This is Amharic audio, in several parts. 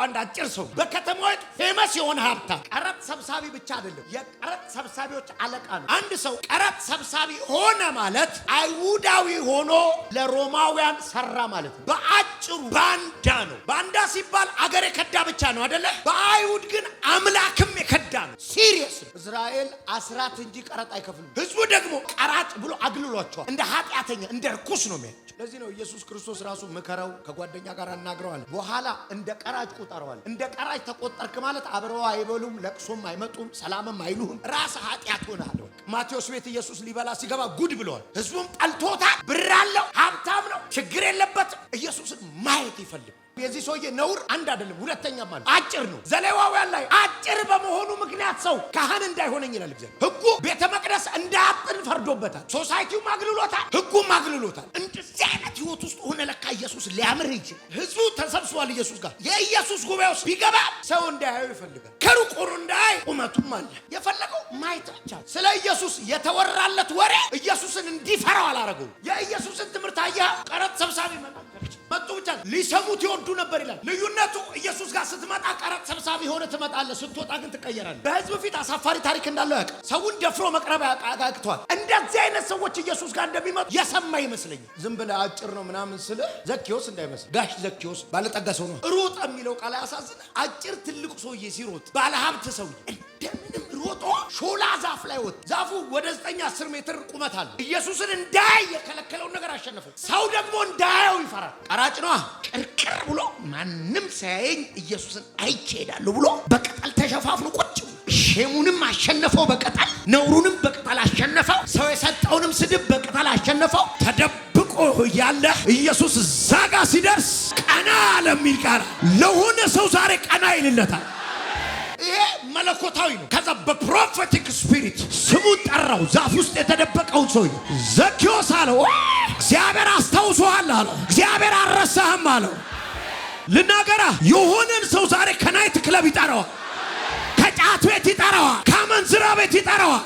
የምታውቀው አንድ ሰው በከተማዋ ፌመስ የሆነ ሀብታም ቀረጥ ሰብሳቢ ብቻ አይደለም፣ የቀረጥ ሰብሳቢዎች አለቃ ነው። አንድ ሰው ቀረጥ ሰብሳቢ ሆነ ማለት አይሁዳዊ ሆኖ ለሮማውያን ሰራ ማለት ነው። በአጭሩ ባንዳ ነው። ባንዳ ሲባል አገር የከዳ ብቻ ነው አደለ? በአይሁድ ግን አምላክም እስራኤል አስራት እንጂ ቀረጥ አይከፍልም። ህዝቡ ደግሞ ቀራጭ ብሎ አግልሏቸዋል። እንደ ኃጢአተኛ እንደ ርኩስ ነው የሚያቸው። ለዚህ ነው ኢየሱስ ክርስቶስ ራሱ ምከረው፣ ከጓደኛ ጋር አናግረዋል፣ በኋላ እንደ ቀራጭ ቁጠረዋል። እንደ ቀራጭ ተቆጠርክ ማለት አብረው አይበሉም፣ ለቅሶም አይመጡም፣ ሰላምም አይሉህም፣ ራስ ኃጢአት ሆነሃል። ማቴዎስ ቤት ኢየሱስ ሊበላ ሲገባ ጉድ ብለዋል። ህዝቡም ጠልቶታል። ብር አለው፣ ሀብታም ነው፣ ችግር የለበትም። ኢየሱስን ማየት ይፈልግ የዚህ ሰውዬ ነውር አንድ አይደለም ሁለተኛ ማለት አጭር ነው። ዘሌዋውያን ላይ አጭር በመሆኑ ምክንያት ሰው ካህን እንዳይሆነኝ ይላል እግዚአብሔር። ህጉ ቤተ መቅደስ እንዳያጥን ፈርዶበታል። ሶሳይቲውም አግልሎታል፣ ህጉም አግልሎታል። እንደዚህ አይነት ህይወት ውስጥ ሆነ ለካ ኢየሱስ ሊያምርህ ይችላል። ህዝቡ ተሰብስቧል ኢየሱስ ጋር። የኢየሱስ ጉባኤ ውስጥ ቢገባ ሰው እንዳያዩ ይፈልጋል። ከሩቅ እንዳይ እንዳያይ ቁመቱም አለ የፈለገው ማየት ብቻ። ስለ ኢየሱስ የተወራለት ወሬ ኢየሱስን እንዲፈራው አላረገው። የኢየሱስን ትምህርት አየህ ቀረጥ ሰብሳ ሊሰሙት ይወዱ ነበር ይላል። ልዩነቱ ኢየሱስ ጋር ስትመጣ ቀረጥ ሰብሳቢ ሆነ ትመጣለ ስትወጣ ግን ትቀየራለህ። በህዝብ ፊት አሳፋሪ ታሪክ እንዳለው ያቀ ሰውን ደፍሮ መቅረብ ያቃቷል። እንደዚህ አይነት ሰዎች ኢየሱስ ጋር እንደሚመጡ የሰማ ይመስለኝ። ዝም ብለ አጭር ነው ምናምን ስለ ዘኪዎስ እንዳይመስል ጋሽ ዘኪዎስ ባለጠጋ ሰው ነው። ሩጥ የሚለው ቃል ያሳዝን። አጭር ትልቁ ሰውዬ ሲሮጥ ባለሀብት ሰውዬ እንደምንም ሮጦ ሾላ ዛፍ ላይ ወጥ ዛፉ ወደ ዘጠኝ 10 ሜትር ቁመት አለ። ኢየሱስን እንዳያይ የከለከለውን ነገር አሸነፈው። ሰው ደግሞ እንዳያየው ይፈራል። ቀራጭ ነዋ። ቅርቅር ብሎ ማንም ሳያየኝ ኢየሱስን አይቼ ሄዳለሁ ብሎ በቅጠል ተሸፋፍኑ ቁጭ ሼሙንም አሸነፈው በቅጠል ነውሩንም በቅጠል አሸነፈው። ሰው የሰጠውንም ስድብ በቅጠል አሸነፈው። ተደብቆ ያለ ኢየሱስ እዛ ሲደርስ ቀና ለሚል ቃል ለሆነ ሰው ዛሬ ቀና ይልለታል። ይሄ መለኮታዊ ነው። ከዛ በፕሮፌቲክ ስፒሪት ስሙን ጠራው። ዛፍ ውስጥ የተደበቀውን ሰው ዘኪዮስ አለው። እግዚአብሔር አስታውሶሃል አለው። እግዚአብሔር አልረሳህም አለው። ልናገራ የሆነን ሰው ዛሬ ከናይት ክለብ ይጠራዋል፣ ከጫት ቤት ይጠራዋል፣ ከመንዝራ ቤት ይጠራዋል።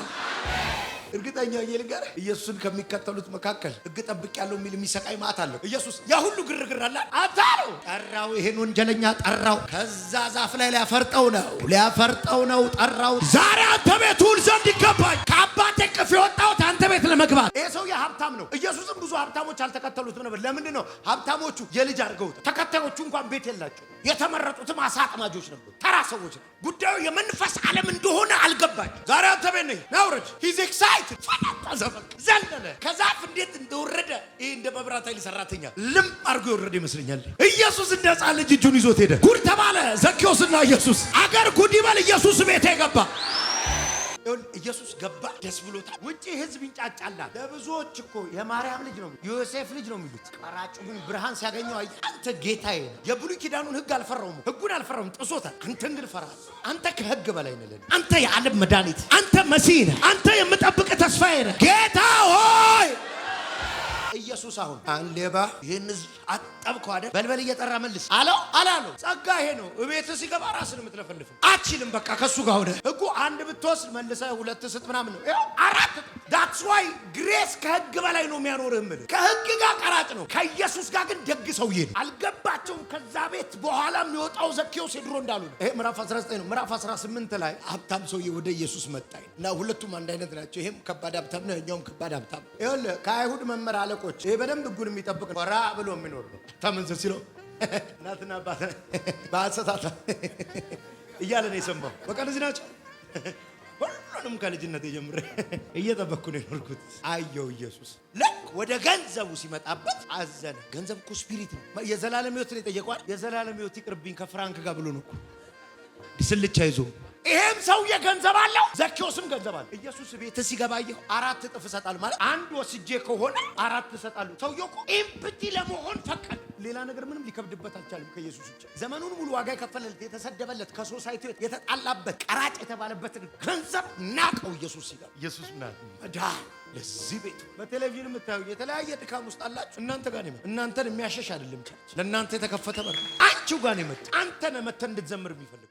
እርግጠኛ እየልጋር ኢየሱስን ከሚከተሉት መካከል ሕግ ጠብቅ ያለው የሚል የሚሰቃይ ማት አለው። ኢየሱስ ያ ሁሉ ግርግር አለ አታሩ ጠራው፣ ይሄን ወንጀለኛ ጠራው። ከዛ ዛፍ ላይ ሊያፈርጠው ነው፣ ሊያፈርጠው ነው፣ ጠራው። ዛሬ አንተ ቤት ዘንድ ይገባኝ ከአባቴ ቅፍ የወጣሁት አንተ ቤት ለመግባት። ይሄ ሰውዬ ሀብታም ነው። ኢየሱስም ብዙ ሀብታሞች አልተከተሉትም ነበር። ለምንድን ነው ሀብታሞቹ የልጅ አድርገውት ተከታዮቹ እንኳን ቤት የላቸው። የተመረጡትም አሳ አጥማጆች ነበሩ፣ ተራ ሰዎች ጉዳዩ የመንፈስ ዓለም እንደሆነ አልገባኝ። ዛሬ አንተ ቤት ነኝ ናውረድ ሂዝ ኤክሳይት መሬት ፈነጠዘ፣ በቃ ዘለለ። ከዛፍ እንዴት እንደወረደ ይሄ እንደ መብራት ኃይል ሰራተኛ ልም አድርጎ የወረደ ይመስለኛል። ኢየሱስ እንደ ሕፃን ልጅ እጁን ይዞት ሄደ። ጉድ ተባለ። ዘኬዎስና ኢየሱስ አገር ጉድ ይበል። ኢየሱስ ቤት ገባ። ኢየሱስ ገባ፣ ደስ ብሎታል። ውጭ ህዝብ ይንጫጫላል። ለብዙዎች እኮ የማርያም ልጅ ነው የዮሴፍ ልጅ ነው የሚሉት። ቀራጩ ግን ብርሃን ሲያገኘው አየ። አንተ ጌታዬ ነው። የብሉይ ኪዳኑን ህግ አልፈራውም፣ ህጉን አልፈራውም፣ ጥሶታል። አንተን ግን ፈራ። አንተ ከህግ በላይ ነህ። አንተ የዓለም መድኃኒት፣ አንተ መሲህ ነህ። አንተ የምጠብቅ ተስፋዬ ነህ ጌታ ሆይ ኢየሱስ አሁን አንድ ሌባ ይህን ህዝብ አጠብከው አይደል? በልበል እየጠራ መልስ አለው አላለው። ጸጋ ይሄ ነው። እቤት ሲገባ ራስን የምትለፈልፍ አችልም። በቃ ከሱ ጋር ሆነ ህጉ አንድ ብትወስድ መልሰ ሁለት ስጥ ምናምን ነው አራት ዳትስ ዋይ ግሬስ ከህግ በላይ ነው የሚያኖርህ። እምልህ ከህግ ጋር ቀራጭ ነው፣ ከኢየሱስ ጋር ግን ደግ ሰውዬ ነው። አልገባቸውም። ከዛ ቤት በኋላ የሚወጣው ዘኬዎስ የድሮ እንዳሉ ነው። ይሄ ምዕራፍ 19 ነው። ምዕራፍ 18 ላይ ሀብታም ሰውዬ ወደ ኢየሱስ መጣ እና ሁለቱም አንድ አይነት ናቸው። ይሄም ከባድ ሀብታም ነው፣ ያኛውም ከባድ ሀብታም። ይኸውልህ ከአይሁድ መምህር አለቆች ይሄ በደንብ ህጉን የሚጠብቅ ነው። ራ ብሎ የሚኖር ነው። ታመንዝር ሲለው እናትና አባት በአሰታታ እያለ ነው የሰማው። በቃ ልጅ ናቸው። ሁሉንም ከልጅነት የጀምረ እየጠበቅኩ ነው የኖርኩት። አየው ኢየሱስ ልክ ወደ ገንዘቡ ሲመጣበት አዘነ። ገንዘብ እኮ ስፒሪት ነው። የዘላለም ህይወት ነው የጠየቋል። የዘላለም ህይወት ይቅርብኝ ከፍራንክ ጋር ብሎ ነው ስልቻ ይዞ ይሄም ሰውዬ ገንዘብ አለው፣ ዘኪዎስም ገንዘብ አለው። ኢየሱስ ቤት ሲገባ ይኸው አራት እጥፍ እሰጣለሁ ማለት አንድ ወስጄ ከሆነ አራት እሰጣለሁ። ሰውየው እኮ ኢምፕቲ ለመሆን ፈቀደ። ሌላ ነገር ምንም ሊከብድበት አልቻለም። ከኢየሱስ ውጭ ዘመኑን ሙሉ ዋጋ የከፈለለት የተሰደበለት፣ ከሶሳይቲ የተጣላበት፣ ቀራጭ የተባለበትን ገንዘብ ናቀው። ኢየሱስ ሲገባ ኢየሱስ መዳ ለዚህ ቤት በቴሌቪዥን የምታዩ የተለያየ ድካም ውስጥ አላችሁ። እናንተ ጋር ነው እናንተን የሚያሸሽ አይደለም። ቻች ለእናንተ የተከፈተ በር አንቺው ጋር ነው የመጣ አንተን መተን እንድትዘምር የሚፈልግ